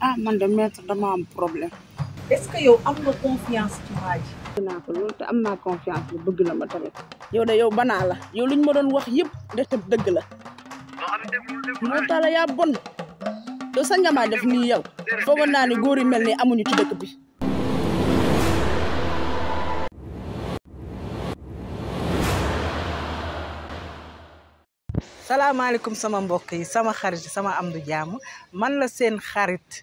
ah man de maître dama am problème. est-ce que yow am nga confiance ci waa loolu te am naa confiance bëgg na ma tamit. yow de yow banaa la yow li ma doon wax yëpp ndaxte dëgg la. moo tax la yaa bon. yow sa nga maa def nii yow. foogoon naa ne góor yu mel nii amuñu ci dëkk bi. salaamaaleykum sama mbokk yi sama xarit sama am du jaam man la seen xarit.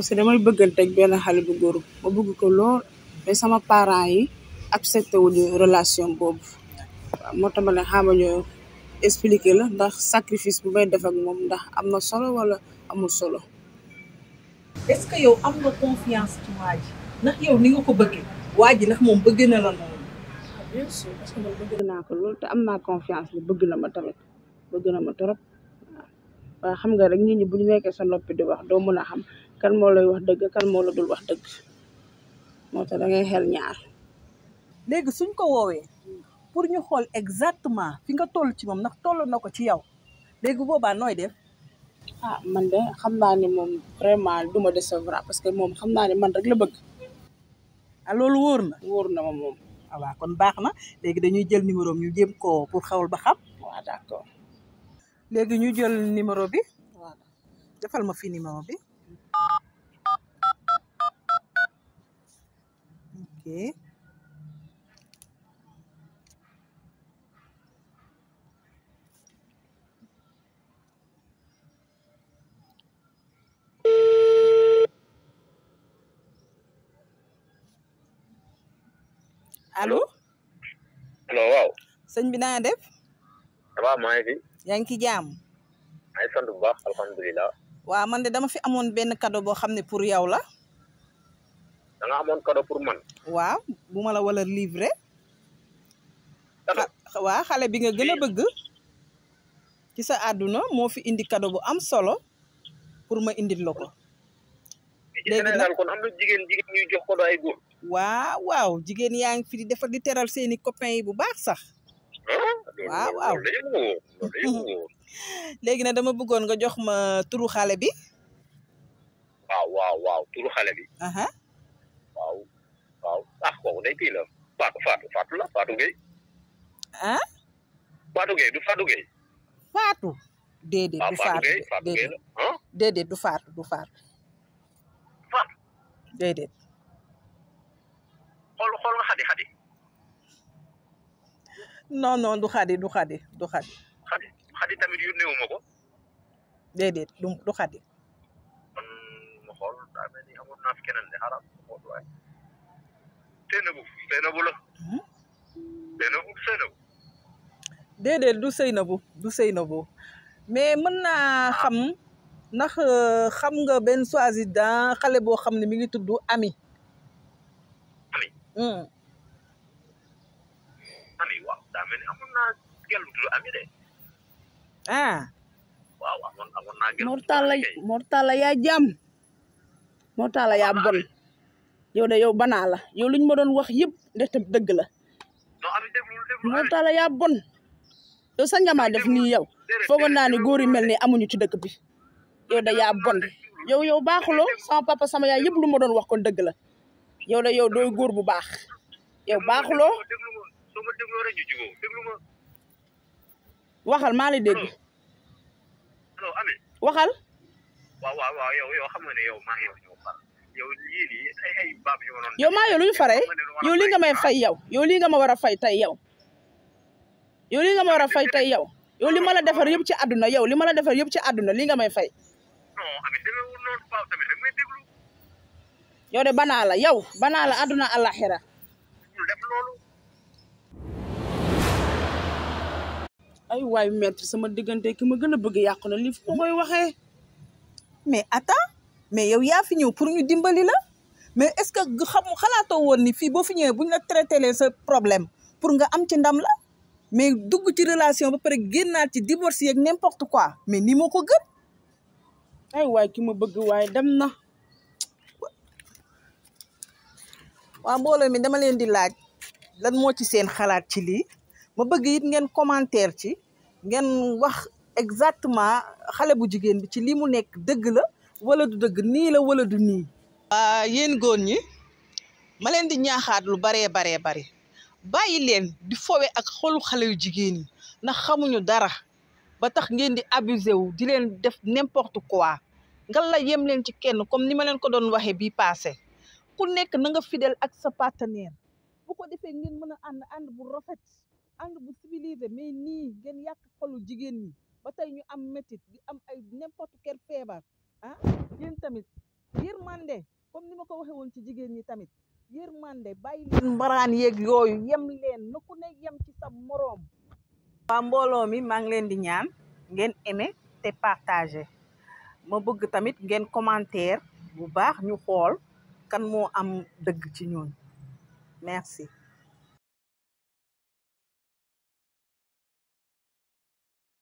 parce que damay bëggante ak benn xale bu ma bëgg ko lool mais sama parents yi accepté wuñu relation boobu waaw moo tax ma ne xaama ñu expliqué la ndax sacrifice bu may def ak moom ndax am na solo wala amul solo. est yow am nga ko bëggee waa ji ndax moom bëgg na la noonu. Ah, naa ko lool te am naa confiance bi bëgg na ma tamit bëgg na ma trop waaw xam nga rek nit ñi bu ñu nekkee sa noppi di wax doo mën a xam kan moo lay wax dëgg kan moo la dul wax dëgg moo tax da ngay xel ñaar. léegi suñ ko woowee pour ñu xool exactement fi nga toll ci moom ndax toll na ko ci yow léegi boobaa nooy def. ah man de xam naa ne moom vraiment du ma décevoir parce que moom xam naa ne man rek la bëgg. ah loolu wóor na. wóor na ma moom. Ah, waaw kon baax na léegi dañuy jël numéro ñu jéem ko pour xawal ba xam. waaw d'accord. léegi ñu jël numéro bi. defal ma fi numéro bi. Oke. Halo. allo allo Señ bi na def waaw maa ngi fi yaa ngi jam. ay sant bu baax alhamdulilah Wa man de dama fi amone ben cadeau bo xam pour yow la da nga amone cadeau pour man. waaw bu la wala livré. wa xalé bi nga gëna bëgg. ci sa aduna mo fi indi cadeau bu am solo pour ma indi loko légui léegi kon am na jigen jigen ñuy jox cadeau ay goor waaw waaw jigen yaang fi di defal di téral seeni copain yi bu baax sax. Ah, waaw waaw légui nag dama bëggoon nga jox ma turu xalé bi. waaw waaw waaw turu xale bi iki lho. Fatu, Fatu, Fatu lah, Fatu gay. Hah? Fatu gay, du Fatu gay. Dede, du Fatu. Dede, dede, du Fatu, du Fatu. Fatu. Dede. Xol xol nga xadi xadi. Non non du xadi, du xadi, du xadi. Xadi, xadi tamit yónnee wu ma ko. Déedéet, du du xadi. Kon mu xool daa ni amoon naa fi keneen de xaram, xool Seynabou Seynabou la. Seynabou Seynabou. déedéet du Seynabou du Seynabou mais mën naa xam ndax euh, xam nga benn choisissant xale boo xam ne mi ngi tudd Ami. Ami. Hmm. Ami waaw daa mel ni amoon yow de yow banaa la yow li ñu ma doon wax yëpp ndaxte dëgg la moo tax la bon yow sañ nga def nii yow foogoon naa ne góor yi mel ni amuñu ci dëkk bi yow de yaa bon yow yow baaxuloo sama papa sama yaay yëpp lu ma doon wax kon dëgg la yow de yow dooy góor bu baax yow baaxuloo waxal maa lay dégg waxal. waaw waaw yow ma yow lu ñu fare yow lii nga may fay yow yow lii nga ma war a fay tay yow yow lii nga ma war a fay tey yow yow li ma la defar yëpp ci àdduna yow li ma la defar yëpp ci àdduna li nga may fay yow de banaa la yow banaa la àdduna àlaxira ay waay maître sama diggante ki ma gën a bëgg yàqu na lii fu ma mais attends mais yow yaa fi ñëw pour ñu dimbali la mais est-ce que xam xalaatoo woon ni fii boo fi ñëwee bu ñu la traité leen sa problème pour nga am ci ndam la mais dugg ci relation ba pare génnaat ci divorce yeeg n'importe quoi mais ni moo ko gën. ay waay ki ma bëgg waaye dem na. waa mbooloo mi dama leen di laaj lan moo ci seen xalaat ci lii ma bëgg it ngeen commentaire ci ngeen wax exactement xale bu jigéen bi ci lii mu nekk dëgg la. wala du dëgg nii la wala du nii. yéen góor ñi ma leen di ñaaxaat lu baree baree bari bàyyi leen di fowe ak xolu xale yu jigéen ñi ndax xamuñu dara ba tax ngeen di abusé wu di leen def n'importe quoi nga la yem leen ci kenn comme ni ma leen ko doon waxee bii passé ku nekk na nga fidèle ak sa partenaire bu ko defee ngeen mën a ànd ànd bu rafet ànd bu civilisé mais nii ngeen yàq xolu jigéen ñi ba tey ñu am métit di am ay n'importe quel feebar. ah yéen tamit yërmande comme ni ma ko waxee woon ci jigéen ñi tamit yërmande bàyyi leen mbaraan yéeg yooyu yem leen na ku ne yem ci sa moroom waa mbooloo mi maa ngi leen di ñaan ngeen aimer te partager ma bëgg tamit ngeen commentaire bu baax ñu xool kan moo am dëgg ci ñoon merci